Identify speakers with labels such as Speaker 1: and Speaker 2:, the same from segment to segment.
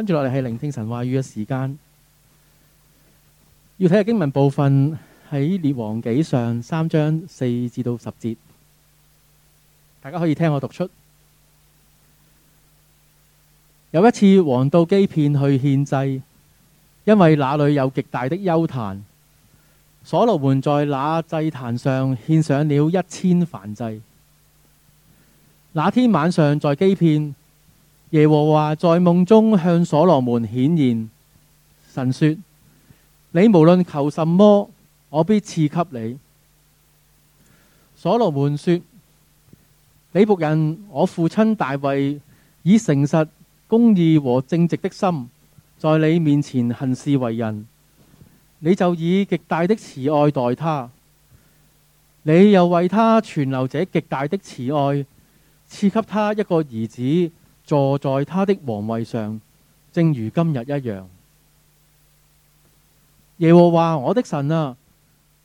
Speaker 1: 跟住落嚟係聆聽神話語嘅時間，要睇下經文部分，喺列王記上三章四至到十節，節大家可以聽我讀出。有一次，王到基遍去獻祭，因為那裏有極大的丘壇，所羅門在那祭壇上獻上了一千燔祭。那天晚上在基遍。耶和華在夢中向所羅門顯現，神說：你無論求什麼，我必賜給你。所羅門說：你僕人我父親大衛以誠實、公義和正直的心，在你面前行事為人，你就以極大的慈愛待他，你又為他存留這極大的慈愛，賜給他一個兒子。坐在他的皇位上，正如今日一樣。耶和華我的神啊，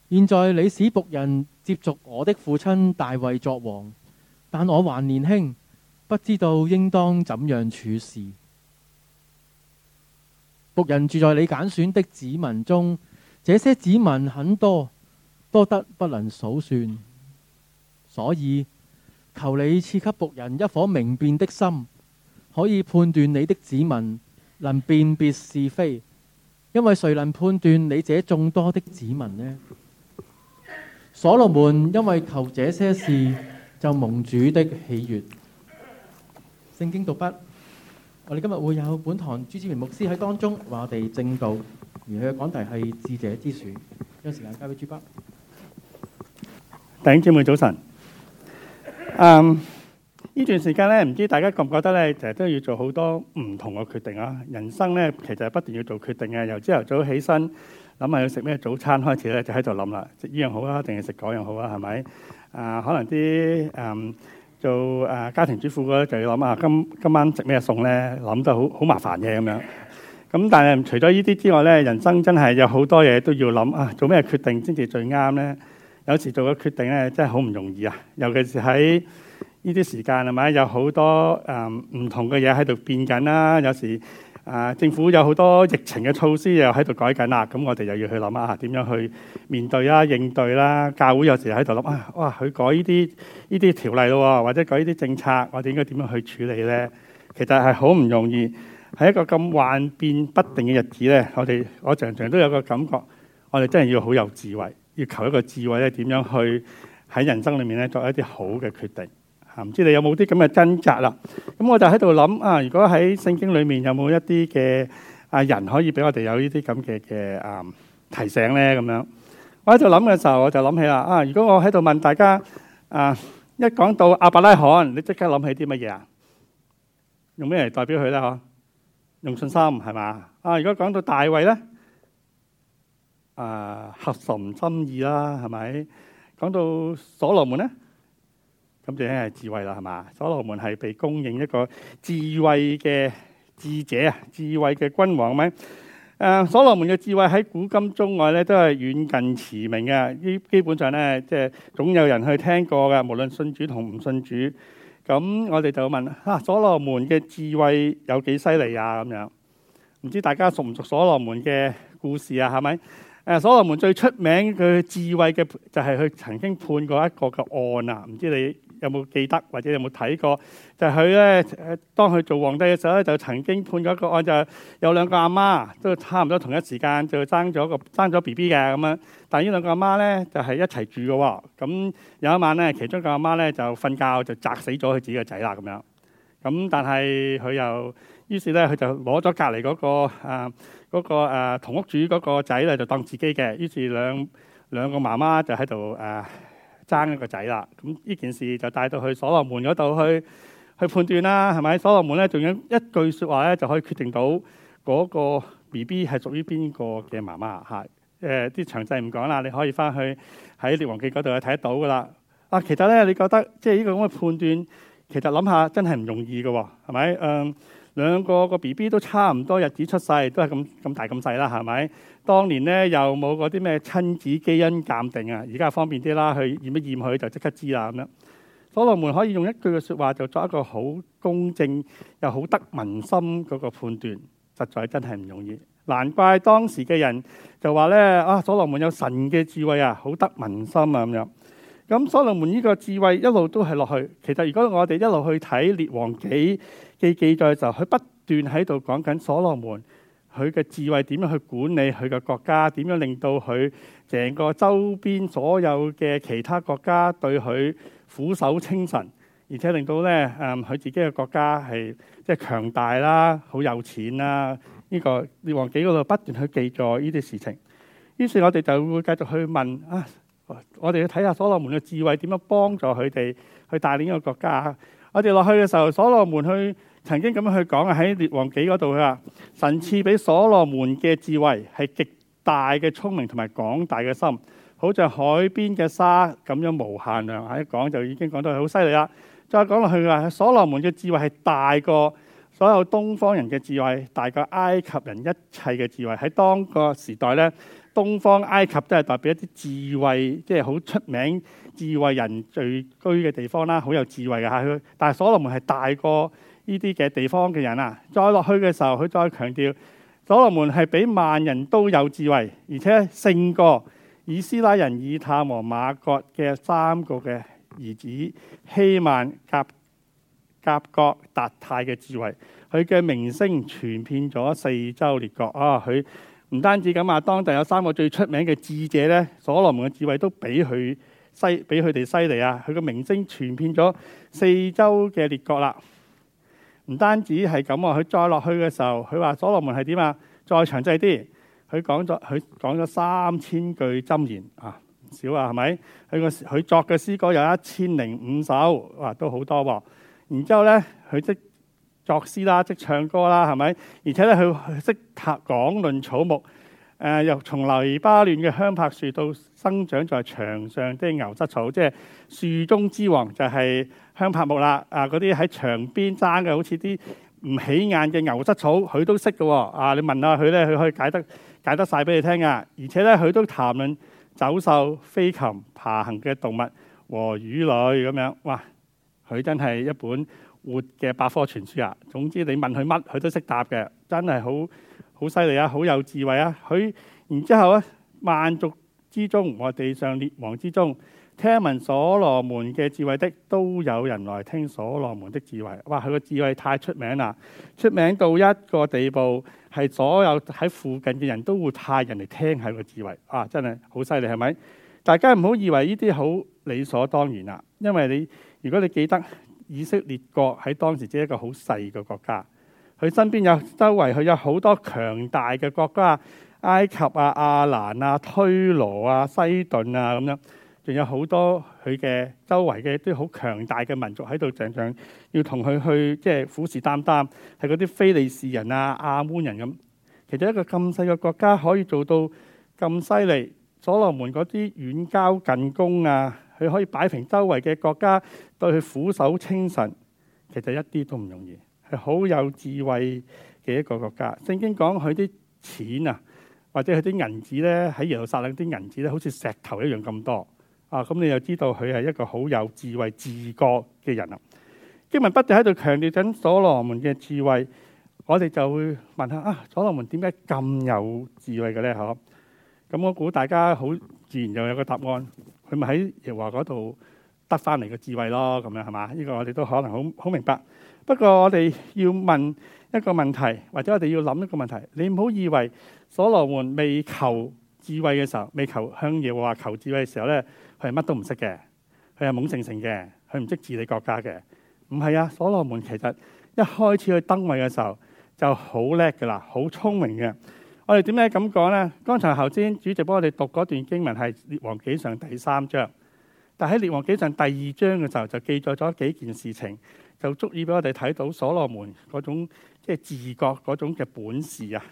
Speaker 1: 現在你使僕人接續我的父親大衛作王，但我還年輕，不知道應當怎樣處事。僕人住在你揀選的子民中，這些子民很多，多得不能數算，所以求你賜給僕人一顆明辨的心。可以判斷你的子民，能辨別是非，因為誰能判斷你這眾多的子民呢？所羅門因為求這些事就蒙主的喜悅。聖經讀筆，我哋今日會有本堂朱志明牧師喺當中話我哋證道，而佢嘅講題係智者之選。有時間交俾朱筆。弟
Speaker 2: 兄、姐妹早晨。Um, 呢段時間咧，唔知大家覺唔覺得咧，就係都要做好多唔同嘅決定啊！人生咧，其實係不斷要做決定嘅，由朝頭早起身，諗下要食咩早餐開始咧，就喺度諗啦，食呢樣好啊，定係食嗰樣好啊，係咪？啊，可能啲誒、嗯、做誒家庭主婦嗰，就要諗啊，今今晚食咩餸咧，諗得好好麻煩嘅咁樣。咁但係除咗呢啲之外咧，人生真係有好多嘢都要諗啊，做咩決定先至最啱咧？有時做個決定咧，真係好唔容易啊，尤其是喺。呢啲時間係咪有好多誒唔同嘅嘢喺度變緊啦？有時誒政府有好多疫情嘅措施又喺度改緊啦，咁我哋又要去諗下點樣去面對啦、應對啦？教會有時喺度諗啊，哇！佢改呢啲呢啲條例咯，或者改呢啲政策，我哋應該點樣去處理呢？其實係好唔容易，喺一個咁幻變不定嘅日子呢，我哋我常常都有個感覺，我哋真係要好有智慧，要求一個智慧咧，點樣去喺人生裡面咧作一啲好嘅決定。唔知你有冇啲咁嘅掙扎啦？咁我就喺度諗啊！如果喺聖經裏面有冇一啲嘅啊人可以俾我哋有呢啲咁嘅嘅啊提醒咧？咁樣我喺度諗嘅時候，我就諗起啦啊！如果我喺度問大家啊，一講到阿伯拉罕，你即刻諗起啲乜嘢啊？用咩嚟代表佢咧？嗬、啊？用信心係嘛？啊！如果講到大衛咧，啊合神心意啦，係咪？講到所羅門咧？咁就係智慧啦，係嘛？所羅門係被公認一個智慧嘅智者啊，智慧嘅君王，係咪？誒，所羅門嘅智慧喺古今中外咧都係遠近馳名嘅，基基本上咧即係總有人去聽過嘅，無論信主同唔信主。咁我哋就問啊，所羅門嘅智慧有幾犀利啊？咁樣，唔知大家熟唔熟所羅門嘅故事啊？係咪？誒，所羅門最出名嘅智慧嘅就係、是、佢曾經判過一個嘅案啊！唔知你，有冇記得或者有冇睇過？就佢、是、咧，當佢做皇帝嘅時候咧，就曾經判咗一個案，就是、有兩個阿媽都差唔多同一時間就生咗個生咗 B B 嘅咁樣。但係呢兩個阿媽咧，就係、是、一齊住嘅喎。咁有一晚咧，其中一個阿媽咧就瞓覺就砸死咗佢自己嘅仔啦咁樣。咁但係佢又於是咧，佢就攞咗隔離嗰個誒嗰、啊嗰個啊、同屋主嗰個仔咧，就當自己嘅。於是兩兩個媽媽就喺度誒。啊爭一個仔啦，咁呢件事就帶到去所羅門嗰度去去判斷啦，係咪？所羅門咧，仲有一句説話咧，就可以決定到嗰個 B B 係屬於邊個嘅媽媽嚇？誒，啲、呃、詳細唔講啦，你可以翻去喺列王記嗰度睇得到噶啦。啊，其實咧，你覺得即係呢個咁嘅判斷，其實諗下真係唔容易嘅喎，係咪？嗯，兩個個 B B 都差唔多日子出世，都係咁咁大咁細啦，係咪？當年咧，又冇嗰啲咩親子基因鑑定啊，而家方便啲啦，去驗一驗佢就即刻知啦咁樣。所羅門可以用一句嘅説話就作一個好公正又好得民心嗰個判斷，實在真係唔容易。難怪當時嘅人就話咧啊，所羅門有神嘅智慧啊，好得民心啊咁樣。咁所羅門呢個智慧一路都係落去。其實如果我哋一路去睇列王紀記記載，就佢不斷喺度講緊所羅門。佢嘅智慧點樣去管理佢嘅國家？點樣令到佢成個周邊所有嘅其他國家對佢俯首稱臣，而且令到咧誒，佢自己嘅國家係即係強大啦、好有錢啦？呢、呢個《列王紀》嗰度不斷去記載呢啲事情。於是，我哋就會繼續去問啊，我哋要睇下所羅門嘅智慧點樣幫助佢哋去帶領呢個國家。我哋落去嘅時候，所羅門去。曾經咁樣去講啊，喺列王紀嗰度，佢話神賜俾所羅門嘅智慧係極大嘅聰明同埋廣大嘅心，好似海邊嘅沙咁樣無限量。一講就已經講到係好犀利啦。再講落去，佢話所羅門嘅智慧係大過所有東方人嘅智慧，大過埃及人一切嘅智慧。喺當個時代咧，東方埃及都係代表一啲智慧，即係好出名智慧人聚居嘅地方啦，好有智慧嘅㗎。但係所羅門係大過。呢啲嘅地方嘅人啊，再落去嘅時候，佢再強調，所羅門係比萬人都有智慧，而且勝過以斯拉人以探和馬國嘅三個嘅兒子希曼、甲甲國達泰嘅智慧。佢嘅名聲傳遍咗四周列國啊！佢唔單止咁啊，當地有三個最出名嘅智者咧，所羅門嘅智慧都比佢犀比佢哋犀利啊！佢嘅名聲傳遍咗四周嘅列國啦。唔單止係咁喎，佢再落去嘅時候，佢話所羅門係點啊？再詳細啲，佢講咗佢講咗三千句箴言啊，唔少啊，係咪？佢個佢作嘅詩歌有一千零五首，哇、啊，都好多喎、啊！然之後咧，佢即作詩啦，即唱歌啦，係咪？而且咧，佢識談講論草木。誒，由從黎巴嫩嘅香柏樹到生長在牆上的牛膝草，即係樹中之王，就係、是、香柏木啦。啊，嗰啲喺牆邊生嘅，好似啲唔起眼嘅牛膝草，佢都識嘅、哦。啊，你問下佢咧，佢可以解得解得晒俾你聽噶。而且咧，佢都談論走獸、飛禽、爬行嘅動物和魚類咁樣。哇！佢真係一本活嘅百科全書啊。總之，你問佢乜，佢都識答嘅，真係好。好犀利啊！好有智慧啊！佢然之後咧，萬族之中和地上列王之中，聽聞所羅門嘅智慧的，都有人來聽所羅門的智慧。哇！佢個智慧太出名啦，出名到一個地步，係所有喺附近嘅人都會派人嚟聽下佢智慧。啊，真係好犀利，係咪？大家唔好以為呢啲好理所當然啦，因為你如果你記得以色列國喺當時只係一個好細嘅國家。佢身邊有周圍，佢有好多強大嘅國家，啊，埃及啊、亞蘭啊、推羅啊、西頓啊咁樣，仲有好多佢嘅周圍嘅一啲好強大嘅民族喺度，常常要同佢去即係虎視眈眈，係嗰啲非利士人啊、亞捫人咁。其實一個咁細嘅國家可以做到咁犀利，所羅門嗰啲遠交近攻啊，佢可以擺平周圍嘅國家對佢俯首稱臣，其實一啲都唔容易。好有智慧嘅一個國家，聖經講佢啲錢啊，或者佢啲銀紙咧，喺耶路撒冷啲銀紙咧，好似石頭一樣咁多啊！咁你又知道佢係一個好有智慧、自覺嘅人啊！經文不斷喺度強調緊所羅門嘅智慧，我哋就會問下啊，所羅門點解咁有智慧嘅咧？嗬！咁我估大家好自然就有個答案，佢咪喺耶華嗰度得翻嚟嘅智慧咯？咁樣係嘛？呢、這個我哋都可能好好明白。不過我哋要問一個問題，或者我哋要諗一個問題。你唔好以為所羅門未求智慧嘅時候，未求向耶和華求智慧嘅時候咧，佢係乜都唔識嘅，佢係懵盛盛嘅，佢唔識治理國家嘅。唔係啊，所羅門其實一開始去登位嘅時候就好叻嘅啦，好聰明嘅。我哋點解咁講咧？剛才頭先主席幫我哋讀嗰段經文係《列王紀上》第三章，但喺《列王紀上》第二章嘅時候就記載咗幾件事情。就足以俾我哋睇到所羅門嗰種即係自覺嗰種嘅本事啊！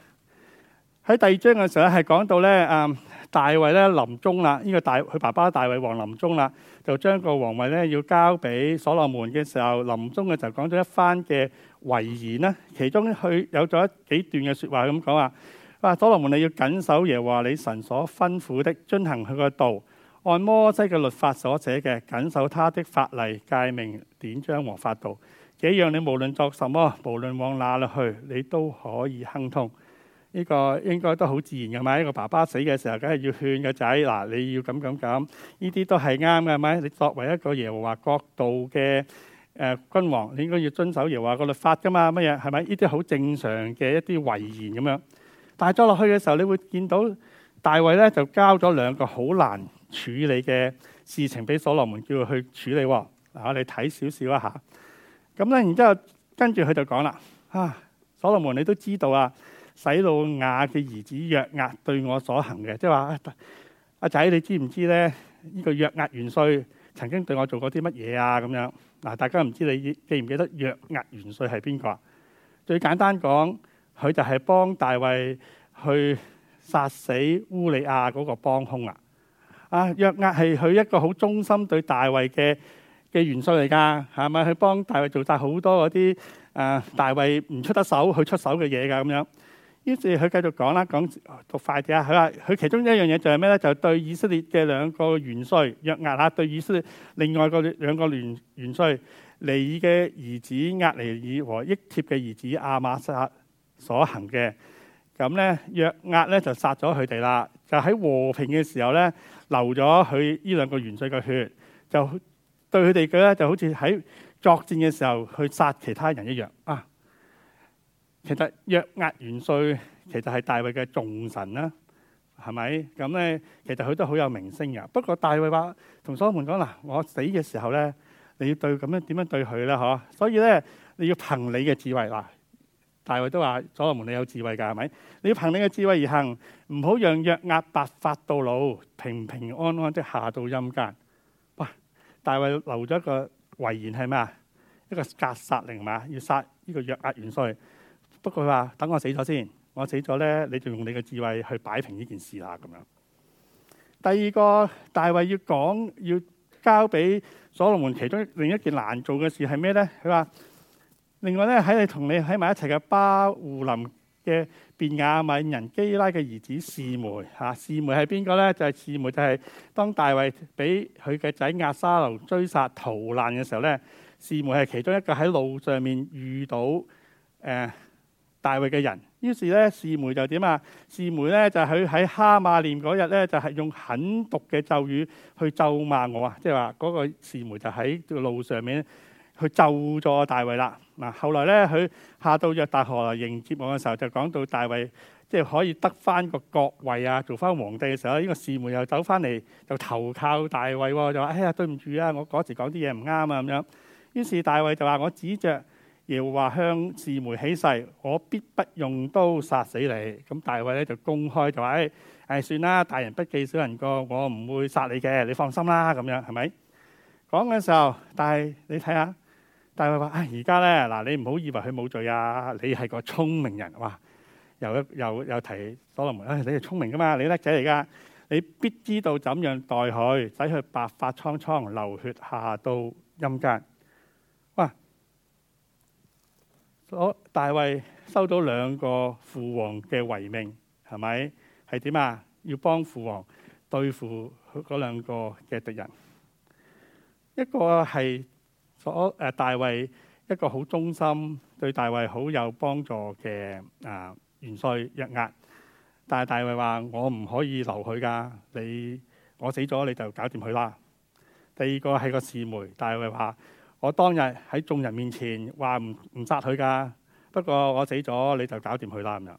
Speaker 2: 喺第二章嘅時候咧，係講到咧，啊大衛咧臨終啦，呢個大佢爸爸大衛王臨終啦，就將個王位咧要交俾所羅門嘅時候，臨終嘅時候就講咗一番嘅遺言啦。其中佢有咗幾段嘅說話咁講啊：啊，所羅門你要謹守耶和華你神所吩咐的，遵行佢個道。按摩西嘅律法所寫嘅，謹守他的法例、誡命、典章和法度，這樣你無論作什麼，無論往哪裏去，你都可以亨通。呢、呢個應該都好自然嘅嘛。一個爸爸死嘅時候，梗係要勸個仔嗱，你要咁咁咁，呢啲都係啱嘅，係咪？你作為一個耶和華國度嘅誒君王，你應該要遵守耶和華嘅律法噶嘛？乜嘢係咪？呢啲好正常嘅一啲遺言咁樣。但係再落去嘅時候，你會見到大衛咧，就交咗兩個好難處理嘅事情俾所羅門叫佢去處理嗱，我哋睇少少一下咁咧，然之後跟住佢就講啦啊，所羅門你都知道啊，洗魯亞嘅兒子約押對我所行嘅，即係話阿仔你知唔知咧？呢個約押元帥曾經對我做過啲乜嘢啊？咁樣嗱，大家唔知你記唔記得約押元帥係邊個啊？最簡單講，佢就係幫大衛去殺死烏利亞嗰個幫兇啊！啊，約押係佢一個好忠心對大衛嘅嘅元帥嚟㗎，係咪？佢幫大衛做晒好多嗰啲誒大衛唔出得手，佢出手嘅嘢㗎咁樣。於是佢繼續講啦，講讀快啲啊！佢話佢其中一樣嘢就係咩咧？就是，對以色列嘅兩個元帥約押啊，對以色列另外個兩個元元帥尼珥嘅兒子押尼珥和益帖嘅兒子亞瑪撒所行嘅咁咧，約押咧就殺咗佢哋啦。就喺和平嘅時候咧。流咗佢呢兩個元帥嘅血，就對佢哋嘅咧就好似喺作戰嘅時候去殺其他人一樣啊！其實約押元帥其實係大衛嘅眾臣啦，係咪？咁咧其實佢都好有名聲噶。不過大衛話同所羅門講：嗱，我死嘅時候咧，你要對咁樣點樣對佢咧？嗬！所以咧，你要憑你嘅智慧嗱，大衛都話所羅門你有智慧噶，係咪？你要憑你嘅智慧而行。唔好讓約押白髮到老，平平安安的下到陰間。哇！大衛留咗個遺言係咩啊？一個格殺令係嘛？要殺呢個約押元帥。不過佢話：等我死咗先，我死咗咧，你就用你嘅智慧去擺平呢件事啦咁樣。第二個大衛要講，要交俾所羅門，其中另一件難做嘅事係咩咧？佢話：另外咧喺你同你喺埋一齊嘅巴戶林嘅。亞米人基拉嘅兒子士梅，吓，士梅係邊個咧？就係、是、士梅，就係當大衛俾佢嘅仔押沙龍，追殺逃難嘅時候咧，士梅係其中一個喺路上面遇到誒、呃、大衛嘅人，於是咧士梅就點啊？士梅咧就佢喺哈馬念嗰日咧，就係用狠毒嘅咒語去咒罵我啊！即係話嗰個士梅就喺路上面去咒咗大衛啦。嗱，後來咧，佢下到約旦河嚟迎接我嘅時候，就講到大衛即係可以得翻個國位啊，做翻皇帝嘅時候咧，呢個士梅又走翻嚟，就投靠大衛喎，就話：哎呀，對唔住啊，我嗰時講啲嘢唔啱啊，咁樣。於是大衛就話：我指着耶華向士梅起誓，我必不用刀殺死你。咁大衛咧就公開就話：誒算啦，大人不記小人過，我唔會殺你嘅，你放心啦，咁樣係咪？講嘅時候，但係你睇下。大衛話：唉，而家咧，嗱，你唔好以為佢冇罪啊！你係個聰明人，哇！又一又又提所羅門，啊、哎，你係聰明噶嘛？你叻仔嚟噶，你必知道怎樣待佢，使佢白髮蒼蒼，流血下到陰間。哇！所大衛收到兩個父王嘅遺命，係咪？係點啊？要幫父王對付嗰兩個嘅敵人，一個係。所誒，大衛一個好忠心，對大衛好有幫助嘅啊元帥約押。但係大衛話：我唔可以留佢㗎，你我死咗你就搞掂佢啦。第二個係個示每，大衛話：我當日喺眾人面前話唔唔殺佢㗎，不過我死咗你就搞掂佢啦。咁樣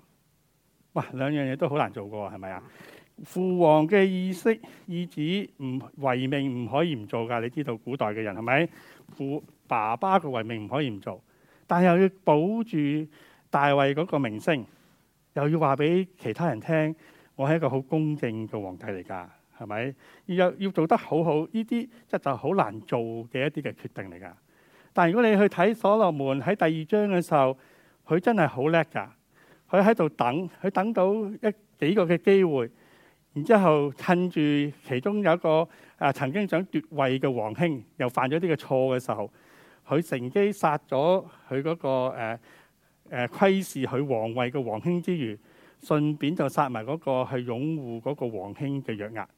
Speaker 2: 哇，兩樣嘢都好難做㗎，係咪啊？父皇嘅意識意旨唔違命，唔可以唔做㗎。你知道古代嘅人係咪？是不是父爸爸嘅遺命唔可以唔做，但係又要保住大衛嗰個名聲，又要話俾其他人聽我係一個好公正嘅皇帝嚟噶，係咪？又要做得好好，呢啲即係就好難做嘅一啲嘅決定嚟噶。但係如果你去睇所羅門喺第二章嘅時候，佢真係好叻噶，佢喺度等，佢等到一幾個嘅機會。然之後，趁住其中有一個誒、呃、曾經想奪位嘅王兄，又犯咗呢個錯嘅時候，佢乘機殺咗佢嗰個誒誒窺視佢皇位嘅王兄之餘，順便就殺埋嗰個去擁護嗰個王兄嘅弱壓。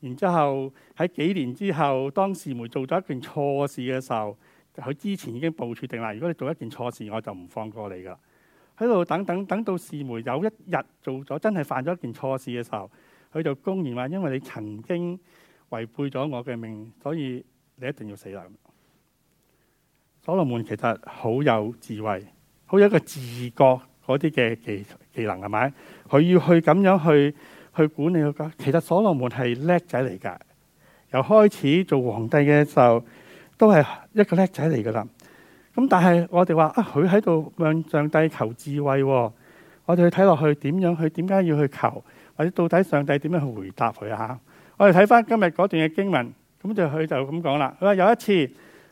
Speaker 2: 然之後喺幾年之後，當士梅做咗一件錯事嘅時候，佢之前已經部署定啦。如果你做了一件錯事，我就唔放過你噶。喺度等等等到示每有一日做咗真係犯咗一件錯事嘅時候，佢就公然話：因為你曾經違背咗我嘅命，所以你一定要死啦！所羅門其實好有智慧，好有個自覺嗰啲嘅技技能係咪？佢要去咁樣去去管理個，其實所羅門係叻仔嚟㗎。由開始做皇帝嘅時候都係一個叻仔嚟㗎啦。咁但係我哋話啊，佢喺度向上帝求智慧喎、哦，我哋去睇落去點樣去，點解要去求，或者到底上帝點樣去回答佢啊？我哋睇翻今日嗰段嘅經文，咁就佢就咁講啦。佢話有一次，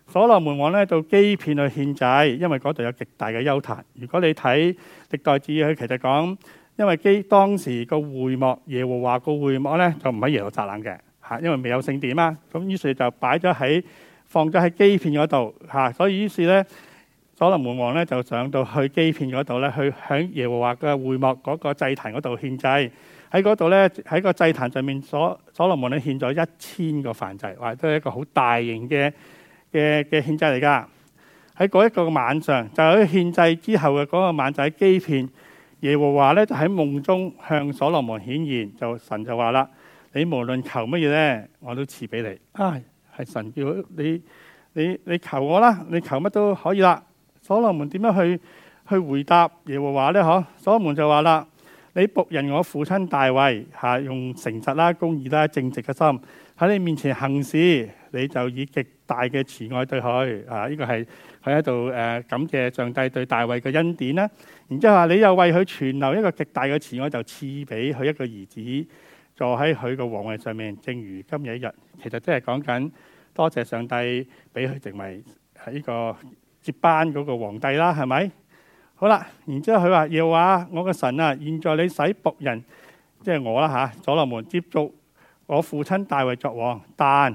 Speaker 2: 所羅門王呢到基遍去獻祭，因為嗰度有極大嘅邱壇。如果你睇歷代志，佢其實講，因為基當時個會幕耶和華個會幕呢，就唔喺耶路撒冷嘅嚇、啊，因為未有聖殿啊。咁於是就擺咗喺。放咗喺基片嗰度，吓，所以於是咧，所羅門王咧就上到去基片嗰度咧，去響耶和華嘅會幕嗰個祭壇嗰度獻祭。喺嗰度咧，喺個祭壇上面，所所羅門咧獻咗一千個燔祭，哇都係一個好大型嘅嘅嘅獻祭嚟噶。喺嗰一個晚上，就喺獻祭之後嘅嗰個晚，就喺基片，耶和華咧就喺夢中向所羅門顯現，就神就話啦：你無論求乜嘢咧，我都賜俾你。啊！係神叫你你你求我啦，你求乜都可以啦。所羅門點樣去去回答耶和華咧？嗬？所羅門就話啦：你僕人我父親大衛吓，用誠實啦、公義啦、正直嘅心喺你面前行事，你就以極大嘅慈愛對佢。啊，呢個係佢喺度誒感謝上帝對大衛嘅恩典啦。然之後你又為佢存留一個極大嘅慈愛，就賜俾佢一個兒子。坐喺佢個皇位上面，正如今日一日，其實真係講緊多謝上帝俾佢成為係呢個接班嗰個皇帝啦，係咪好啦？然之後佢話要啊，我個神啊，現在你使僕人即係我啦、啊、吓，所羅門接續我父親大衛作王，但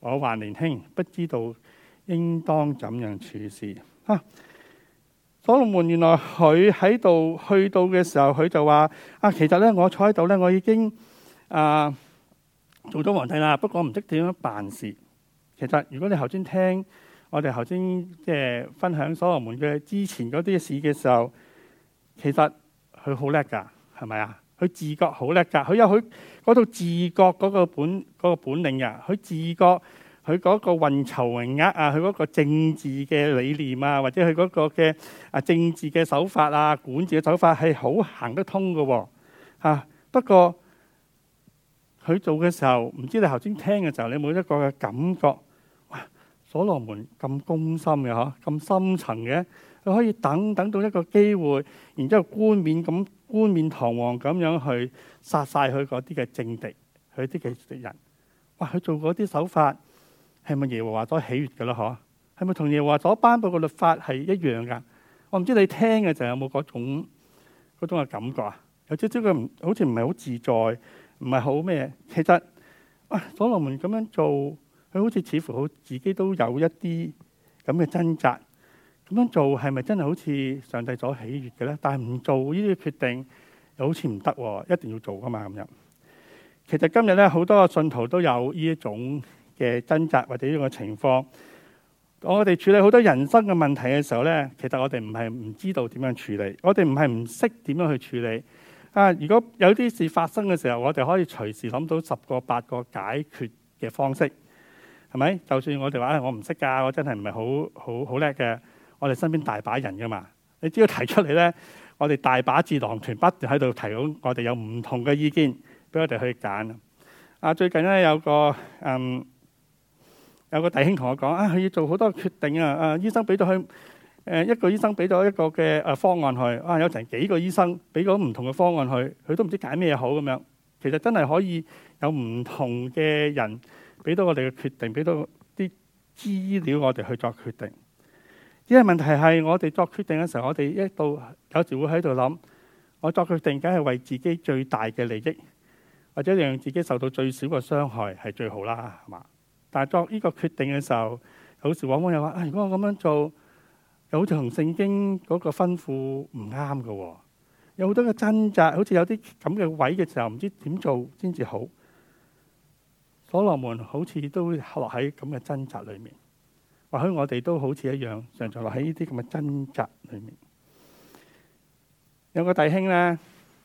Speaker 2: 我還年輕，不知道應當怎樣處事啊。所羅門原來佢喺度去到嘅時候，佢就話啊，其實咧，我坐喺度咧，我已經。啊，做咗皇帝啦，不過唔識點樣辦事。其實如果你頭先聽我哋頭先即係分享所羅門嘅之前嗰啲事嘅時候，其實佢好叻㗎，係咪、那個、啊？佢自覺好叻㗎，佢有佢嗰套自覺嗰個本嗰個本領㗎。佢自覺佢嗰個運籌帷幄啊，佢嗰個政治嘅理念啊，或者佢嗰個嘅啊政治嘅手法啊，管治嘅手法係好行得通嘅喎、啊啊。不過。佢做嘅時候，唔知你頭先聽嘅時候，你有冇一個嘅感覺？哇！所羅門咁攻心嘅呵，咁深層嘅，佢可以等等到一個機會，然之後冠冕咁冠冕堂皇咁樣去殺曬佢嗰啲嘅政敵，佢啲嘅敵人。哇！佢做嗰啲手法係咪耶和華所喜悅嘅咯？呵，係咪同耶和華所頒布嘅律法係一樣噶？我唔知你聽嘅時候有冇嗰種嗰種嘅感覺啊？有少少佢，好似唔係好自在。唔係好咩？其實啊，所羅門咁樣做，佢好似似乎佢自己都有一啲咁嘅掙扎。咁樣做係咪真係好似上帝所喜悅嘅咧？但係唔做呢啲決定又好似唔得，一定要做噶嘛咁樣。其實今日咧，好多信徒都有呢一種嘅掙扎或者呢個情況。我哋處理好多人生嘅問題嘅時候咧，其實我哋唔係唔知道點樣處理，我哋唔係唔識點樣去處理。啊！如果有啲事發生嘅時候，我哋可以隨時諗到十個八個解決嘅方式，係咪？就算我哋話啊，我唔識㗎，我真係唔係好好好叻嘅，我哋身邊大把人㗎嘛。你只要提出嚟咧，我哋大把智囊團不斷喺度提到，我哋有唔同嘅意見俾我哋去揀。啊，最近咧有個嗯有個弟兄同我講啊，佢要做好多決定啊啊！醫生俾到佢。誒一個醫生俾咗一個嘅誒方案去啊，有成幾個醫生俾咗唔同嘅方案去，佢都唔知揀咩好咁樣。其實真係可以有唔同嘅人俾到我哋嘅決定，俾到啲資料我哋去作決定。因為問題係我哋作決定嘅時候，我哋一到有時會喺度諗，我作決定梗係為自己最大嘅利益，或者讓自己受到最少嘅傷害係最好啦，係嘛？但係作呢個決定嘅時候，有時往往又話：啊，如果我咁樣做。又好似同聖經嗰個吩咐唔啱嘅，有好多嘅掙扎，好似有啲咁嘅位嘅時候，唔知點做先至好。所羅門好似都落喺咁嘅掙扎裏面，或許我哋都好似一樣，常在落喺呢啲咁嘅掙扎裏面。有個弟兄咧，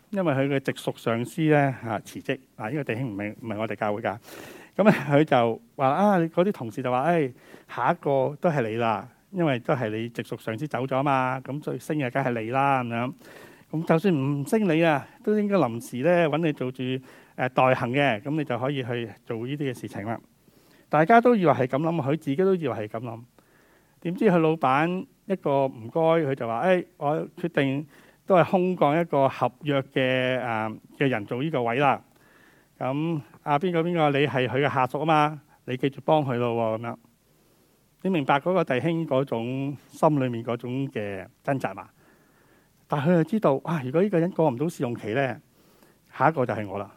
Speaker 2: 因為佢嘅直屬上司咧嚇辭職，嗱呢、這個弟兄唔係唔係我哋教會噶，咁佢就話啊，嗰啲同事就話，誒、哎、下一個都係你啦。因為都係你直屬上司走咗嘛，咁最升嘅梗係你啦，咁樣。咁就算唔升你啊，都應該臨時咧揾你做住誒代行嘅，咁你就可以去做呢啲嘅事情啦。大家都以為係咁諗，佢自己都以為係咁諗。點知佢老闆一個唔該，佢就話：誒，我決定都係空降一個合約嘅誒嘅人做呢個位啦。咁啊，邊個邊個？你係佢嘅下屬啊嘛，你記住幫佢咯喎，咁樣。你明白嗰個弟兄嗰種心裏面嗰種嘅掙扎嘛？但係佢就知道啊，如果呢個人過唔到試用期咧，下一個就係我啦。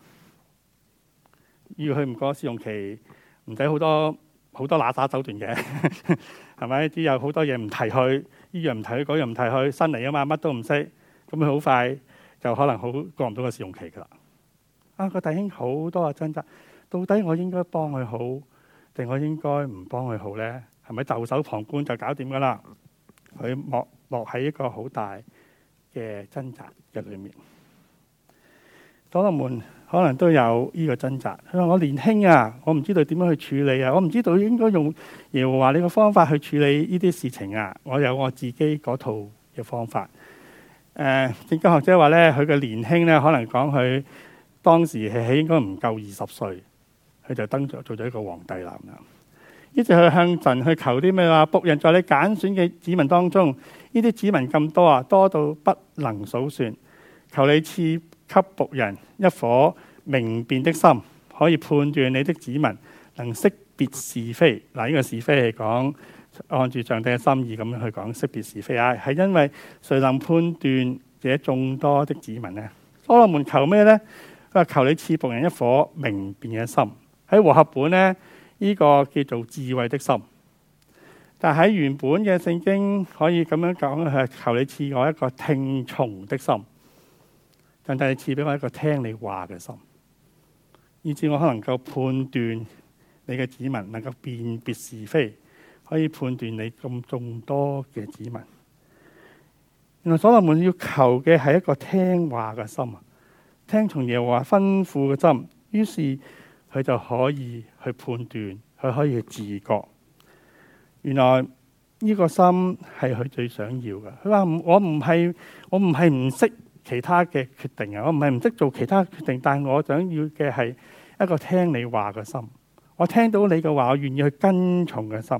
Speaker 2: 要佢唔過試用期，唔使好多好多揦沙手段嘅係咪？只有好多嘢唔提佢，呢樣唔提佢，嗰樣唔提佢，新嚟啊嘛，乜都唔識，咁佢好快就可能好過唔到個試用期㗎啦。啊，個弟兄好多個掙扎，到底我應該幫佢好定我應該唔幫佢好咧？係咪袖手旁觀就搞掂噶啦？佢落落喺一個好大嘅掙扎嘅裏面，所羅門可能都有呢個掙扎。佢話我年輕啊，我唔知道點樣去處理啊，我唔知道應該用耶和華呢個方法去處理呢啲事情啊。我有我自己嗰套嘅方法。誒、呃，正覺學者話呢，佢嘅年輕呢，可能講佢當時係應該唔夠二十歲，佢就登咗做咗一個皇帝喇。一直去向神去求啲咩啊？僕人在你揀選嘅子民當中，呢啲子民咁多啊，多到不能數算。求你賜給僕人一顆明辨的心，可以判斷你的子民，能識別是非。嗱，呢個是非嚟講按住上帝嘅心意咁樣去講識別是非啊。係因為誰能判斷這眾多的子民呢？所羅門呢？我哋求咩咧？啊，佢話，求你賜僕人一顆明辨嘅心。喺和合本呢。呢個叫做智慧的心，但喺原本嘅聖經可以咁樣講，係求你賜我一個聽從的心，但你賜俾我一個聽你話嘅心，以至我可能夠判斷你嘅子民能夠辨別是非，可以判斷你咁眾多嘅子民。原來所羅門要求嘅係一個聽話嘅心，聽從耶和華吩咐嘅心，於是。佢就可以去判斷，佢可以去自覺。原來呢個心係佢最想要嘅。佢話我唔係，我唔係唔識其他嘅決定啊！我唔係唔識做其他決定，但係我想要嘅係一個聽你話嘅心。我聽到你嘅話，我願意去跟從嘅心。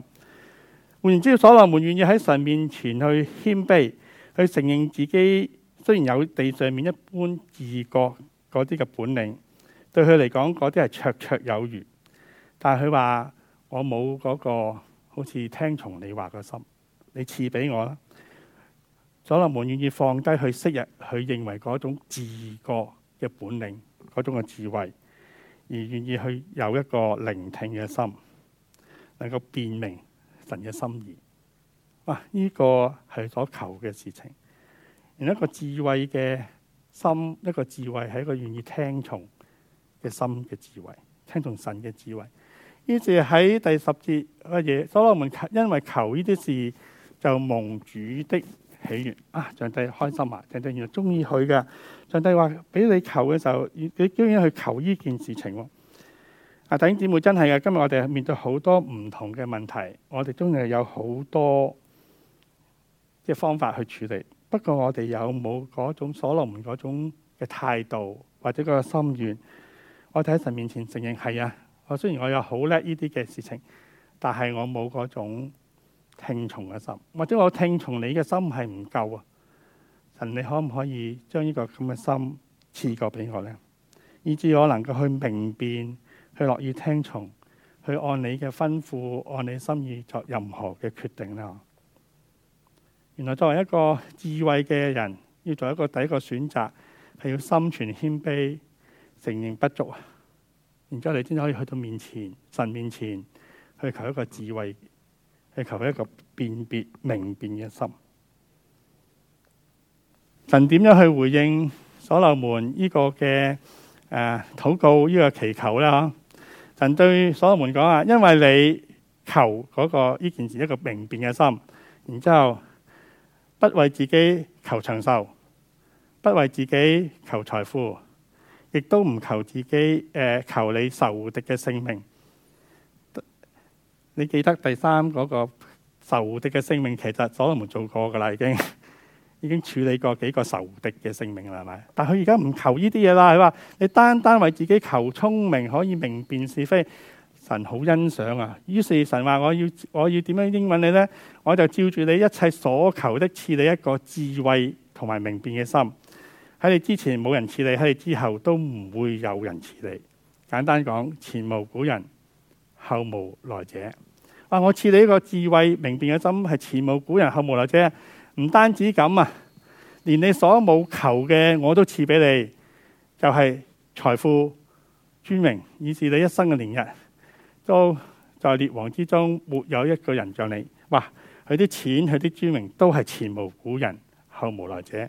Speaker 2: 換言之，所羅門願意喺神面前去謙卑，去承認自己雖然有地上面一般自覺嗰啲嘅本領。對佢嚟講，嗰啲係綽綽有餘，但係佢話我冇嗰、那個好似聽從你話嘅心，你賜俾我啦。所羅門願意放低去昔日佢認為嗰種自個嘅本領，嗰種嘅智慧，而願意去有一個聆聽嘅心，能夠辨明神嘅心意。哇！呢、這個係所求嘅事情。而一個智慧嘅心，一個智慧係一個願意聽從。嘅心嘅智慧，聽從神嘅智慧。於是喺第十節嘅嘢，所羅門因為求呢啲事就蒙主的起源。啊！上帝開心啊！上帝原來中意佢嘅。上帝話：俾你求嘅時候，你居然去求呢件事情喎。啊！弟兄姊妹真係嘅，今日我哋面對好多唔同嘅問題，我哋鍾意有好多嘅方法去處理。不過我哋有冇嗰種所羅門嗰種嘅態度或者嗰個心願？我喺神面前承認，係啊！我雖然我有好叻呢啲嘅事情，但係我冇嗰種聽從嘅心，或者我聽從你嘅心係唔夠啊！神，你可唔可以將呢個咁嘅心賜過俾我呢？以致我能夠去明辨，去樂意聽從，去按你嘅吩咐，按你心意作任何嘅決定咧？原來作為一個智慧嘅人，要做一個第一個選擇，係要心存謙卑。承認不足啊，然之後你先可以去到面前，神面前去求一個智慧，去求一個辨別明辨嘅心。神點樣去回應所羅門呢個嘅誒、啊、禱告呢個祈求啦？嗬？神對所羅門講啊，因為你求嗰、嗰個呢件事一個明辨嘅心，然之後不為自己求長壽，不為自己求財富。亦都唔求自己，誒、呃，求你仇敵嘅性命。你記得第三嗰，那個仇敵嘅性命，其實所羅門做過噶啦，已經已經處理過幾個仇敵嘅性命啦，係咪？但佢而家唔求呢啲嘢啦，佢話，你單單為自己求聰明，可以明辨是非，神好欣賞啊。於是神話我要我要點樣應允你呢？我就照住你一切所求的，賜你一個智慧同埋明辨嘅心。喺你之前冇人似你，喺你之後都唔會有人似你。簡單講，前無古人，後無來者。啊，我賜你呢個智慧明辨嘅心，係前無古人，後無來者。唔單止咁啊，連你所冇求嘅，我都賜俾你，就係、是、財富、尊榮，以至你一生嘅年日。都在列王之中，沒有一個人像你。哇！佢啲錢，佢啲尊榮，都係前無古人，後無來者。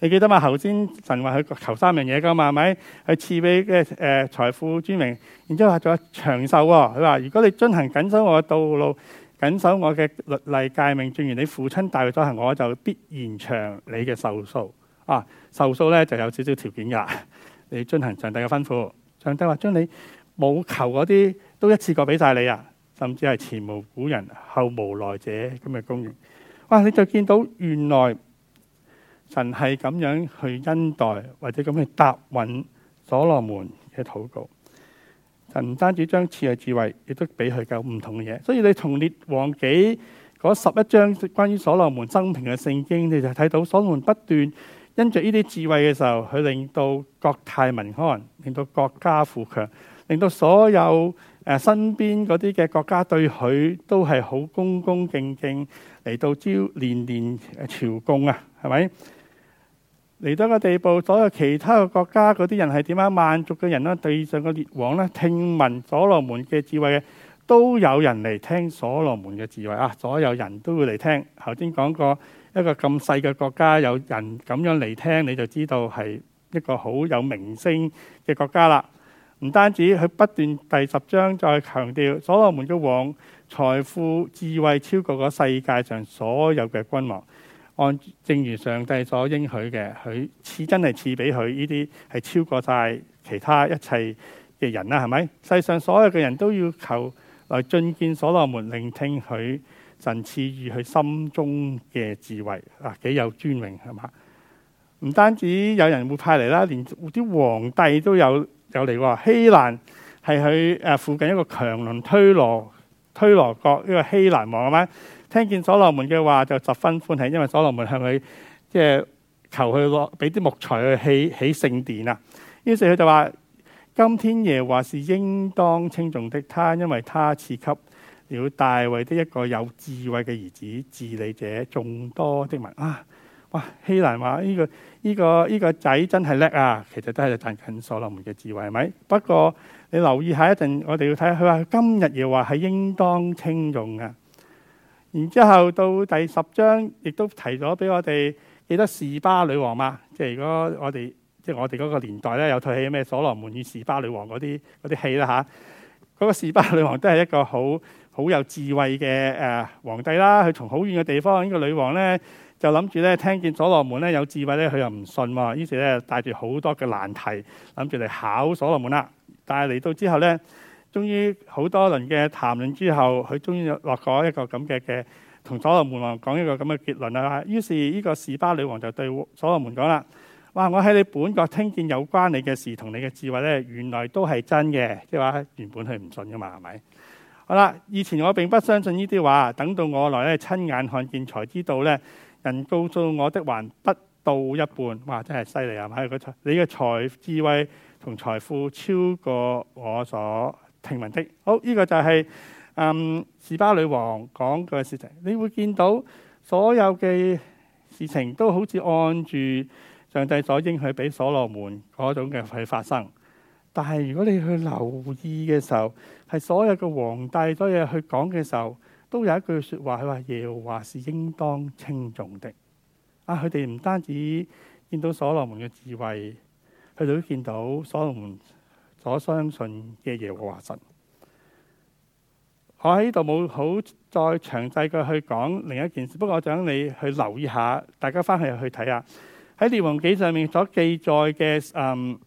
Speaker 2: 你記得的嘛？頭先神話佢求三樣嘢㗎嘛？係、呃、咪？佢賜俾嘅誒財富、尊榮，然之後仲有長壽喎、哦。佢話，如果你遵行緊守我嘅道路，緊守我嘅律例誡命，正如你父親帶去咗行，我就必延長你嘅壽數。啊，壽數咧就有少少條件㗎。你遵行上帝嘅吩咐，上帝話將你冇求嗰啲都一次過俾晒你啊！甚至係前無古人，後無來者咁嘅供應。哇、啊！你就見到原來。神係咁樣去恩待或者咁去答允所羅門嘅禱告，神唔單止將賜嘅智慧，亦都俾佢夠唔同嘅嘢。所以你從列王紀嗰十一章關於所羅門生平嘅聖經，你就睇到所羅門不斷因着呢啲智慧嘅時候，佢令到國泰民安，令到國家富強，令到所有誒身邊嗰啲嘅國家對佢都係好恭恭敬敬嚟到朝年年朝貢啊，係咪？嚟到個地步，所有其他嘅國家嗰啲人係點樣啊？萬族嘅人啦，地上嘅列王啦，聽聞所羅門嘅智慧嘅，都有人嚟聽所羅門嘅智慧啊！所有人都會嚟聽。頭先講過一個咁細嘅國家，有人咁樣嚟聽，你就知道係一個好有名聲嘅國家啦。唔單止佢不斷第十章再強調所羅門嘅王，財富智慧超過個世界上所有嘅君王。按正如上帝所應許嘅，佢賜真係賜俾佢呢啲係超過晒其他一切嘅人啦，係咪？世上所有嘅人都要求來進見所羅門，聆聽佢神賜予佢心中嘅智慧啊！幾有尊榮係嘛？唔單止有人會派嚟啦，連啲皇帝都有有嚟喎。希蘭係佢誒附近一個強鄰推羅、推羅國呢個希蘭王啊嘛。係聽見所羅門嘅話就十分歡喜，因為所羅門向佢即係求佢個俾啲木材去起起聖殿啊。於是佢就話：今天耶和華是應當稱頌的他，因為他賜給了大衛的一個有智慧嘅兒子治理這眾多的民啊！哇，希蘭話呢、呢個呢、呢個呢、呢個仔、呢個、真係叻啊！其實都係讚緊所羅門嘅智慧係咪？不過你留意一下一陣，我哋要睇下佢話今日耶和華係應當稱頌嘅。然之後到第十章，亦都提咗俾我哋記得士巴女王嘛，即係如果我哋即係我哋嗰個年代咧，有套戲咩《所羅門與士巴女王》嗰啲嗰啲戲啦吓，嗰個士巴女王都係一個好好有智慧嘅誒皇帝啦。佢從好遠嘅地方，呢個女王咧就諗住咧聽見所羅門咧有智慧咧，佢又唔信喎，於是咧帶住好多嘅難題，諗住嚟考所羅門啦。但係嚟到之後咧。終於好多輪嘅談論之後，佢終於落咗一個咁嘅嘅同所羅門王講一個咁嘅結論啦。於是呢個示巴女王就對所羅門講啦，哇！我喺你本國聽見有關你嘅事同你嘅智慧咧，原來都係真嘅。即係話原本佢唔信噶嘛，係咪？好啦，以前我並不相信呢啲話，等到我來咧親眼看見，才知道咧人告訴我的還不到一半。哇！真係犀利啊！係你嘅財智慧同財富超過我所。平民的，好呢、這個就係、是、嗯士巴女王講嘅事情。你會見到所有嘅事情都好似按住上帝所應許俾所羅門嗰種嘅去發生。但係如果你去留意嘅時候，係所有嘅皇帝多嘢去講嘅時候，都有一句說話，佢話耶和華是應當稱頌的。啊，佢哋唔單止見到所羅門嘅智慧，佢哋都見到所羅門。我相信嘅耶和華神。我喺度冇好再詳細嘅去講另一件事，不過我想你去留意下，大家翻去去睇下喺《列王紀》上面所記載嘅嗯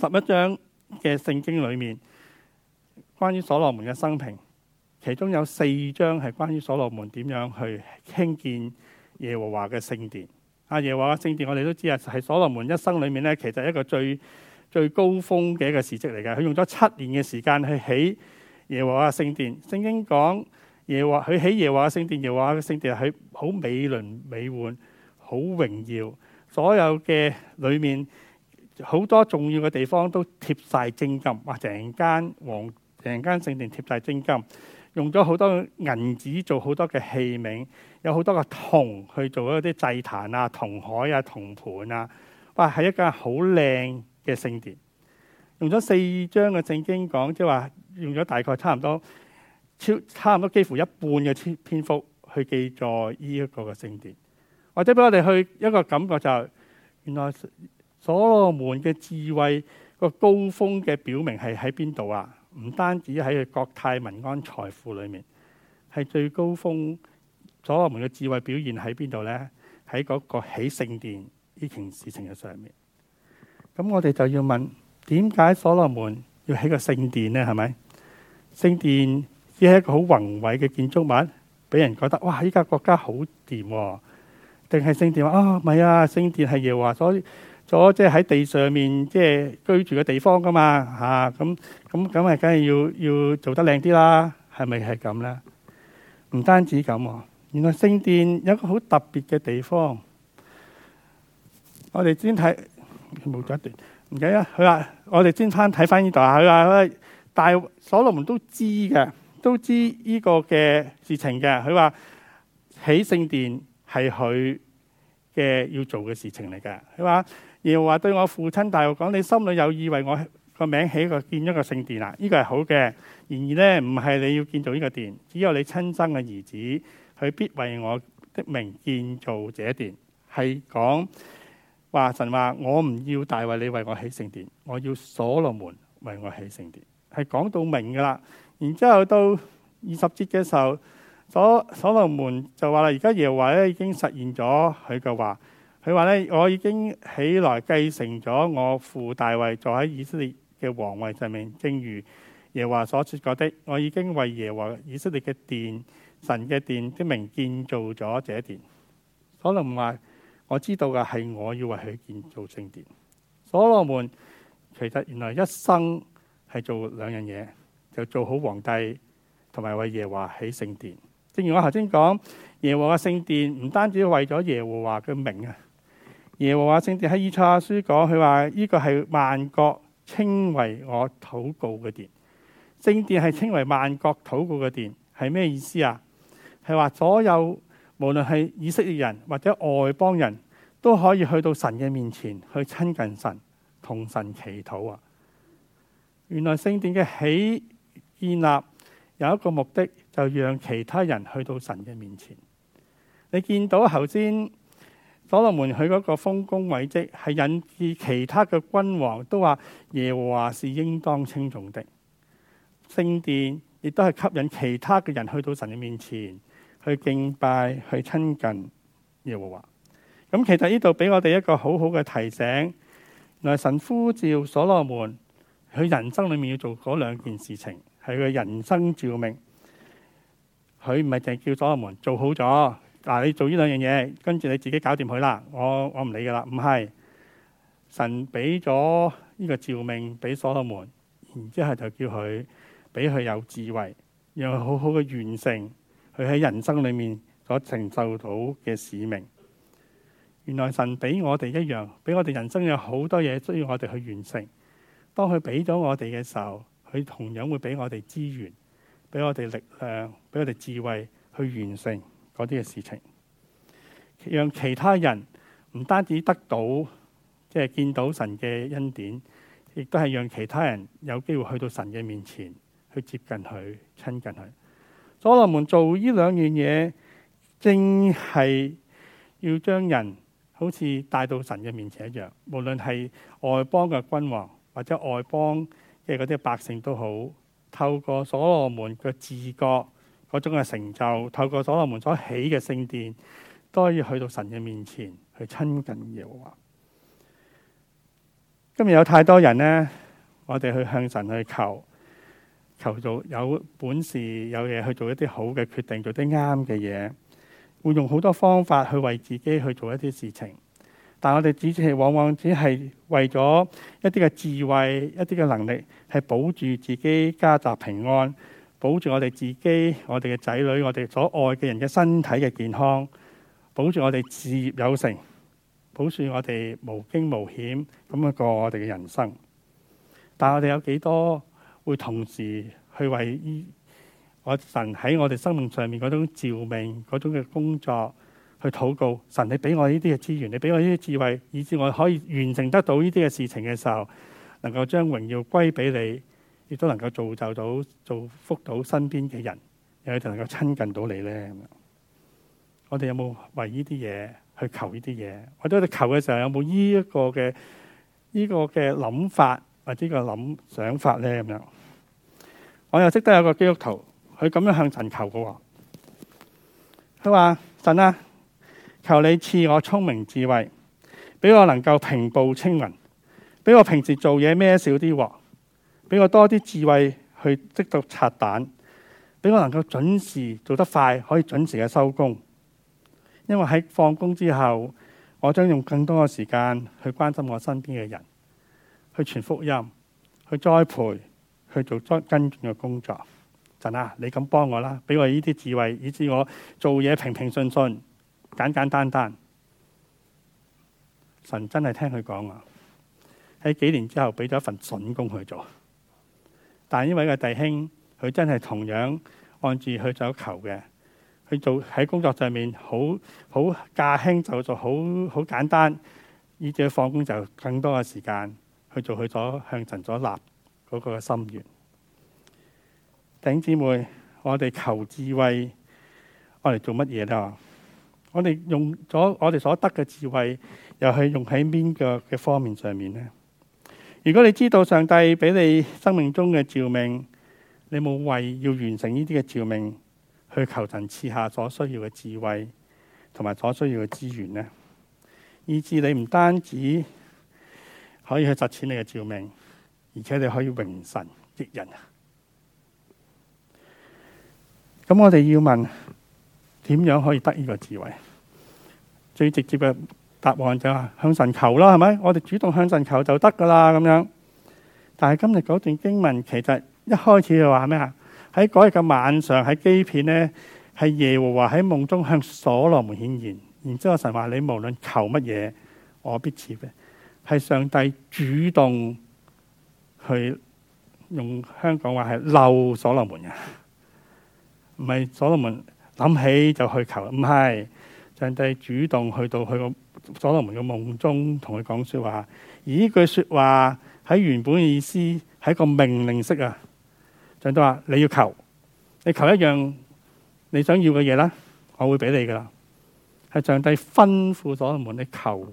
Speaker 2: 十一章嘅聖經裏面，關於所羅門嘅生平，其中有四章係關於所羅門點樣去興建耶和華嘅聖殿。阿耶和華嘅聖殿，我哋都知啊，係所羅門一生裏面咧，其實一個最。最高峰嘅一個事蹟嚟嘅，佢用咗七年嘅時間去起耶和華聖殿。聖經講耶和，佢起耶和華聖殿，耶和華聖殿係好美輪美奐、好榮耀。所有嘅裏面好多重要嘅地方都貼曬精金，哇！成間黃，成間聖殿貼曬精金，用咗好多銀紙做好多嘅器皿，有好多個銅去做嗰啲祭壇啊、銅海啊、銅盤啊。哇！係一間好靚。嘅聖殿，用咗四章嘅聖經講，即係話用咗大概差唔多超差唔多幾乎一半嘅篇幅去記載呢一個嘅聖殿，或者俾我哋去一個感覺就係、是，原來所羅門嘅智慧個高峰嘅表明係喺邊度啊？唔單止喺國泰民安財富裏面，係最高峰。所羅門嘅智慧表現喺邊度呢？喺嗰、那個起聖殿呢件事情嘅上面。咁我哋就要問，點解所羅門要起個聖殿呢？係咪聖殿只係一個好宏偉嘅建築物，俾人覺得哇！依家國家好掂、哦，定係聖殿啊？唔、哦、係啊，聖殿係耶華，所所即係喺地上面即係、就是、居住嘅地方噶嘛吓？咁咁咁係，梗係要要做得靚啲啦，係咪係咁呢？唔單止咁啊、哦，原來聖殿有一個好特別嘅地方，我哋先睇。冇咗一段，唔緊啊。佢話：我哋先翻睇翻呢度啊。佢話：大所羅門都知嘅，都知呢個嘅事情嘅。佢話：起聖殿係佢嘅要做嘅事情嚟嘅。佢話：又話對我父親大衛講：你心裏有意為我個名起一個建一個聖殿啊！呢個係好嘅。然而咧，唔係你要建造呢個殿，只有你親生嘅兒子，佢必為我的名建造這一殿。係講。話神話我唔要大衛，你為我起聖殿，我要所羅門為我起聖殿，係講到明㗎喇。然之後到二十節嘅時候，所所羅門就話啦：而家耶和華咧已經實現咗佢嘅話，佢話咧，我已經起來繼承咗我父大衛坐喺以色列嘅皇位上面，正如耶和華所說過的，我已經為耶和華以色列嘅殿，神嘅殿的名建造咗這殿。所羅門話。我知道嘅係我要為佢建造聖殿。所羅門其實原來一生係做兩樣嘢，就做好皇帝同埋為耶和華起聖殿。正如我頭先講，耶和華聖殿唔單止為咗耶和華嘅名啊，耶和華聖殿喺以賽亞書講，佢話呢個係萬國稱為我禱告嘅殿。聖殿係稱為萬國禱告嘅殿，係咩意思啊？係話所有。無論係以色列人或者外邦人，都可以去到神嘅面前，去親近神、同神祈禱啊！原來聖殿嘅起建立有一個目的，就讓其他人去到神嘅面前。你見到頭先所羅門佢嗰個豐功偉績，係引致其他嘅君王都話耶和華是應當稱頌的。聖殿亦都係吸引其他嘅人去到神嘅面前。去敬拜，去親近耶和華。咁其實呢度俾我哋一個好好嘅提醒。原來神呼召所羅門，佢人生裏面要做嗰兩件事情，係佢人生召命。佢唔係淨叫所羅門做好咗，嗱你做呢兩樣嘢，跟住你自己搞掂佢啦。我我唔理噶啦。唔係神俾咗呢個召命俾所羅門，然之後就叫佢俾佢有智慧，讓佢好好嘅完成。佢喺人生裏面所承受到嘅使命，原來神俾我哋一樣，俾我哋人生有好多嘢，需要我哋去完成。當佢俾咗我哋嘅時候，佢同樣會俾我哋資源，俾我哋力量，俾我哋智慧去完成嗰啲嘅事情，讓其他人唔單止得到，即係見到神嘅恩典，亦都係讓其他人有機會去到神嘅面前去接近佢、親近佢。所羅門做呢兩樣嘢，正係要將人好似帶到神嘅面前一樣。無論係外邦嘅君王或者外邦嘅嗰啲百姓都好，透過所羅門嘅自覺嗰種嘅成就，透過所羅門所起嘅聖殿，都可以去到神嘅面前去親近耶和華。今日有太多人呢，我哋去向神去求。求做有本事、有嘢去做一啲好嘅決定，做啲啱嘅嘢，會用好多方法去為自己去做一啲事情。但我哋只係往往只係為咗一啲嘅智慧、一啲嘅能力，係保住自己家宅平安，保住我哋自己、我哋嘅仔女、我哋所愛嘅人嘅身體嘅健康，保住我哋事業有成，保住我哋無驚無險咁樣過我哋嘅人生。但我哋有幾多？會同時去為我神喺我哋生命上面嗰種召命、嗰種嘅工作去禱告。神，你俾我呢啲嘅資源，你俾我呢啲智慧，以至我可以完成得到呢啲嘅事情嘅時候，能夠將榮耀歸俾你，亦都能夠造就到、造福到身邊嘅人，又能夠親近到你呢。我哋有冇為呢啲嘢去求呢啲嘢？或者我哋喺度求嘅時候，有冇呢一個嘅呢、這個嘅諗法？或者個諗想法呢，咁樣，我又識得有個基督徒，佢咁樣向神求嘅喎。佢話：神啊，求你賜我聰明智慧，俾我能夠平步青雲，俾我平時做嘢孭少啲鑊，俾我多啲智慧去識得拆彈，俾我能夠準時做得快，可以準時嘅收工。因為喺放工之後，我將用更多嘅時間去關心我身邊嘅人。去傳福音，去栽培，去做跟進嘅工作。神啊，你咁幫我啦，俾我呢啲智慧，以致我做嘢平平順順，簡簡單單、單。神真係聽佢講啊，喺幾年之後俾咗一份筍工去做。但係呢位嘅弟兄，佢真係同樣按住佢所求嘅，去做，喺工作上面好好駕輕就做好好簡單，以至佢放工就更多嘅時間。去做去咗向神咗立嗰個心願，弟兄姊妹，我哋求智慧，我哋做乜嘢咧？我哋用咗我哋所得嘅智慧，又係用喺邊個嘅方面上面呢？如果你知道上帝俾你生命中嘅召命，你冇為要完成呢啲嘅召命，去求神賜下所需要嘅智慧，同埋所需要嘅資源呢？以致你唔單止。可以去實踐你嘅召命，而且你可以榮神益人啊！咁我哋要問，點樣可以得呢個智慧？最直接嘅答案就係向神求啦，係咪？我哋主動向神求就得噶啦，咁樣。但係今日嗰段經文其實一開始就話咩啊？喺嗰日嘅晚上喺基片呢，係耶和華喺夢中向所羅門顯現，然之後神話你無論求乜嘢，我必賜俾。係上帝主動去用香港話係漏所羅門嘅，唔係所羅門諗起就去求，唔係上帝主動去到佢個所羅門嘅夢中同佢講說話，而呢句說話喺原本嘅意思係一個命令式啊！上帝話你要求，你求一樣你想要嘅嘢啦，我會俾你噶啦，係上帝吩咐所羅門你求。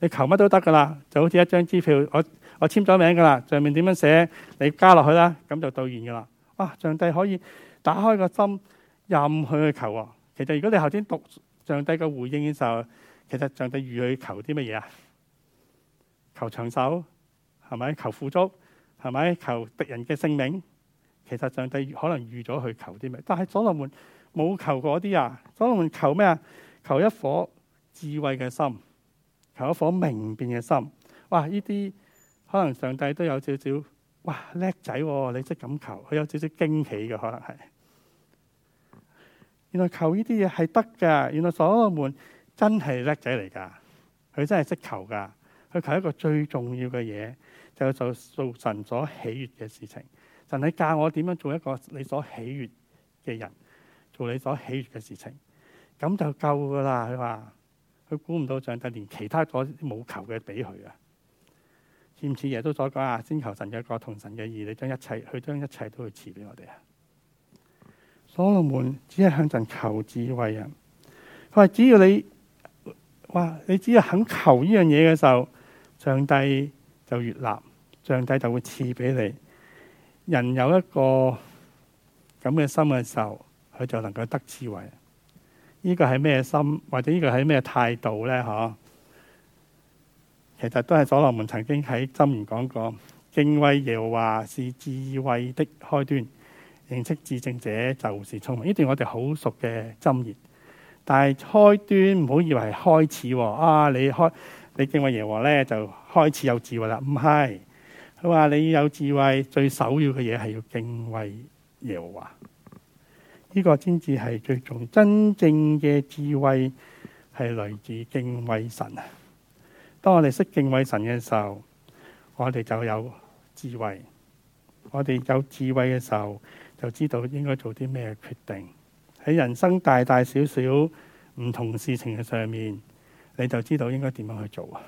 Speaker 2: 你求乜都得噶啦，就好似一張支票，我我簽咗名噶啦，上面點樣寫，你加落去啦，咁就兌現噶啦。哇、啊，上帝可以打開個心，任佢去求啊！其實如果你頭先讀上帝嘅回應嘅時候，其實上帝預佢求啲乜嘢啊？求長壽係咪？求富足係咪？求敵人嘅性命？其實上帝可能預咗去求啲乜，但係所羅門冇求嗰啲啊！所羅門求咩啊？求一顆智慧嘅心。求一顆明辨嘅心，哇！呢啲可能上帝都有少少，哇叻仔、啊，你識咁求，佢有少少驚喜嘅可能係。原來求呢啲嘢係得㗎，原來所羅門真係叻仔嚟噶，佢真係識求噶，佢求一個最重要嘅嘢，就係、做造神所喜悅嘅事情。神你教我點樣做一個你所喜悅嘅人，做你所喜悅嘅事情，咁就夠噶啦。佢話。佢估唔到上帝連其他嗰啲冇求嘅俾佢啊？似唔似耶穌所講啊？先求神嘅國，同神嘅義，你將一切，佢將一切都去賜俾我哋啊！所羅門只係向神求智慧啊！佢話只要你話你只要肯求呢樣嘢嘅時候，上帝就越立，上帝就會賜俾你。人有一個咁嘅心嘅時候，佢就能夠得智慧。呢個係咩心，或者呢個係咩態度呢？嗬，其實都係所羅門曾經喺箴言講過：敬畏耶和華是智慧的開端，認識至聖者就是聰明。呢段我哋好熟嘅箴言，但係開端唔好以為係開始喎。啊，你開你敬畏耶和華咧就開始有智慧啦？唔係，佢話你有智慧，最首要嘅嘢係要敬畏耶和華。呢個先至係最重要，真正嘅智慧係來自敬畏神啊！當我哋識敬畏神嘅時候，我哋就有智慧。我哋有智慧嘅時候，就知道應該做啲咩決定。喺人生大大小小唔同事情嘅上面，你就知道應該點樣去做啊！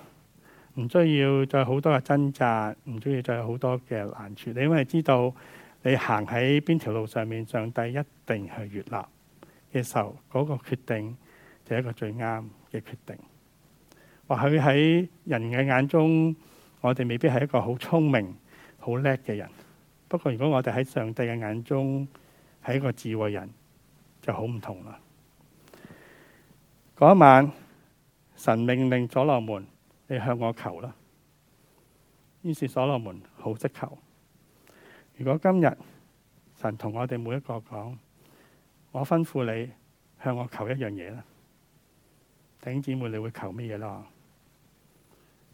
Speaker 2: 唔需要再好多嘅掙扎，唔需要再有好多嘅難處。你因為知道。你行喺邊條路上面，上帝一定係悅納嘅時候，嗰、嗰個決定就係一個最啱嘅決定。或許喺人嘅眼中，我哋未必係一個好聰明、好叻嘅人。不過如果我哋喺上帝嘅眼中係一個智慧的人，就好唔同啦。嗰晚神命令所羅門，你向我求啦。於是所羅門好識求。如果今日神同我哋每一個講，我吩咐你向我求一樣嘢啦，弟姊妹你會求乜嘢咯？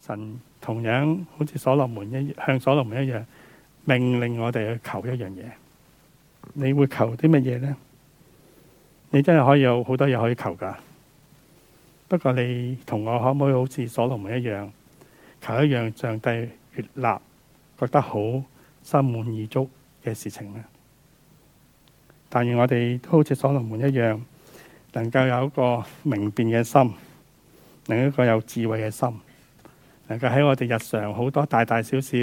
Speaker 2: 神同樣好似所羅門一樣，向所羅門一樣命令我哋去求一樣嘢。你會求啲乜嘢呢？你真係可以有好多嘢可以求噶，不過你同我可唔可以好似所羅門一樣，求一樣上帝悅納，覺得好？心滿意足嘅事情咧，但願我哋都好似所羅門一樣，能夠有一個明辨嘅心，另一個有智慧嘅心，能夠喺我哋日常好多大大小小、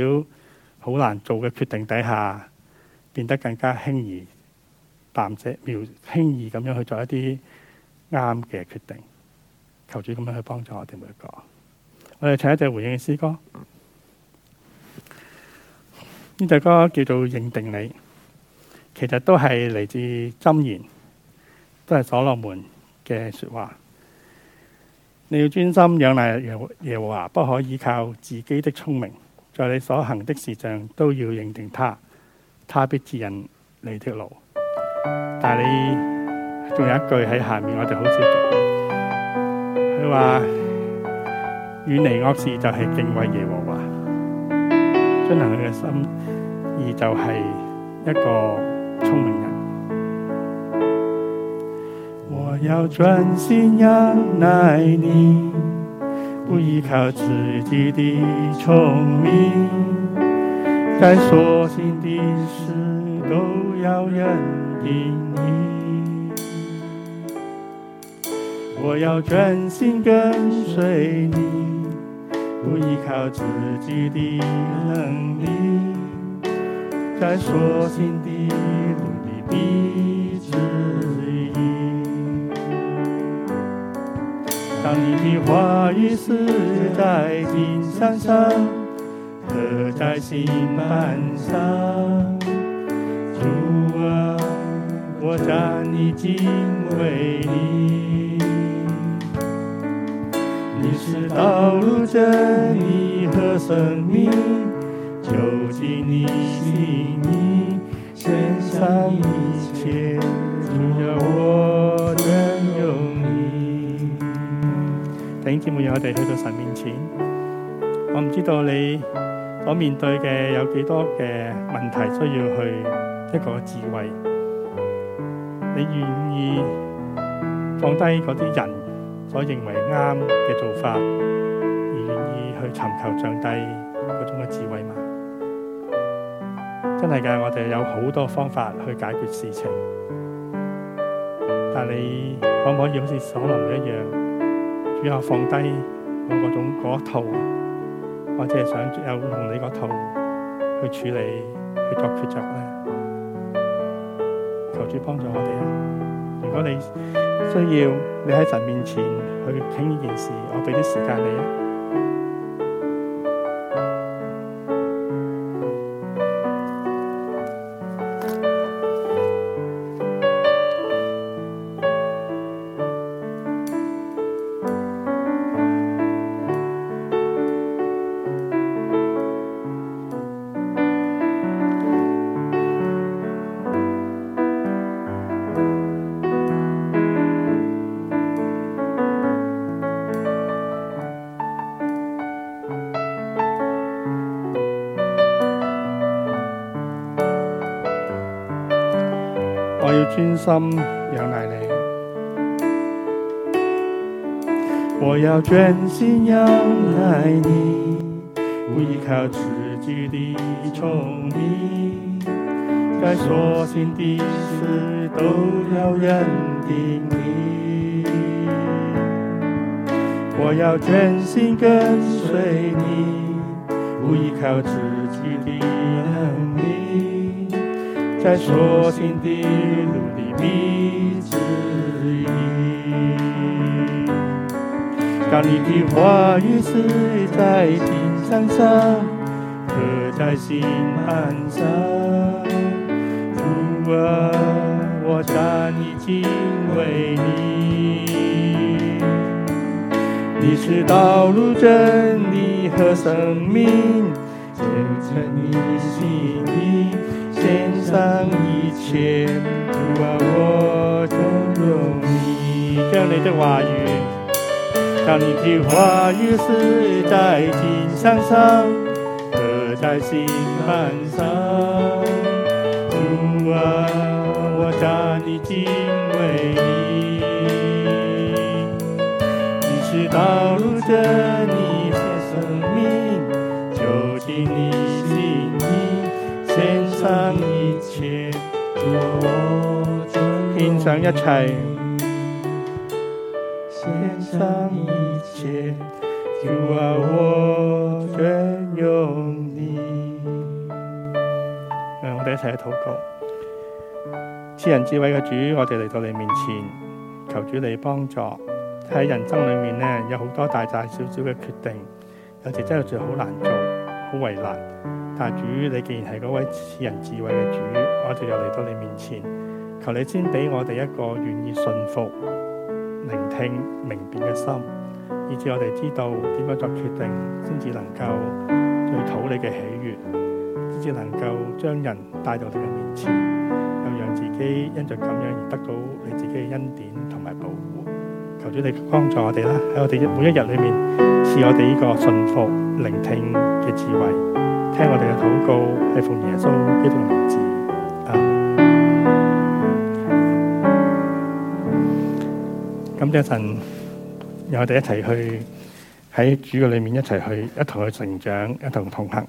Speaker 2: 好難做嘅決定底下，變得更加輕易淡者輕易咁樣去做一啲啱嘅決定。求主咁樣去幫助我哋每一個。我哋唱一隻回應嘅詩歌。呢首歌叫做認定你，其實都係嚟自箴言，都係所羅門嘅說話。你要專心仰賴耶耶和華，不可依靠自己的聰明，在你所行的事上都要認定他，他必指引你的路。但係你仲有一句喺下面我，我哋好少知道，佢話遠離惡事就係敬畏耶和華，進行佢嘅心。你就係一個聰明人。我要專心仰賴你，不依靠自己的聰明，在所行的事都要認定你。我要專心跟隨你，不依靠自己的能力。在所行的路上的指引。當你的話語寫在金山上，刻在心板上。主啊，我當你敬畏你，你是道路真理和生命。你，是你，一切，只有我
Speaker 1: 容弟
Speaker 2: 兄姊妹，我哋去到神面前，我唔知道你所面對嘅有幾多嘅問題需要去一個智慧。你願意放低啲人所認為啱嘅做法，而願意去尋求上帝嗰種嘅智慧？真係我哋有好多方法去解決事情，但你可唔可以好似索隆一樣，然後放低我嗰種嗰套，我只係想有用你嗰套去處理、去作抉擇呢？求主幫助我哋。如果你需要，你喺神面前去傾呢件事，我俾啲時間你心要愛你，我要全心要愛你，不依靠自己的聰明，在所行的事都要認定你。我要全心跟隨你，不依靠自己的能力，在所行的路。你指引，
Speaker 1: 當你的話
Speaker 2: 語寫在心上，刻在心坎上。主啊，我讚你敬畏你，你是道路、真理和生命。將你的話語，讓你的話語寫在錦上，上刻在心坎上。主、嗯、啊，我真你敬畏你，你是道路的，你是生命，走進你心裏，獻上一切，做獻上一切。喺禱告，至仁智慧嘅主，我哋嚟到你面前，求主你幫助。喺人生裏面呢，有好多大大小小嘅決定，有時真係最好難做，好為難。但係主，你既然係嗰位至仁智慧嘅主，我哋又嚟到你面前，求你先俾我哋一個願意信服、聆聽、明辨嘅心，以至我哋知道點樣作決定，先至能夠去討你嘅喜悦。只能夠將人帶到你嘅面前，又讓自己因着咁樣而得到你自己嘅恩典同埋保護。求主你幫助我哋啦，喺我哋每一日裏面賜我哋呢個信服、聆聽嘅智慧，聽我哋嘅禱告，喺奉耶穌基督嘅名字啊！咁、嗯，一陣，讓我哋一齊去喺主嘅裏面一齊去，一同去成長，一同同行。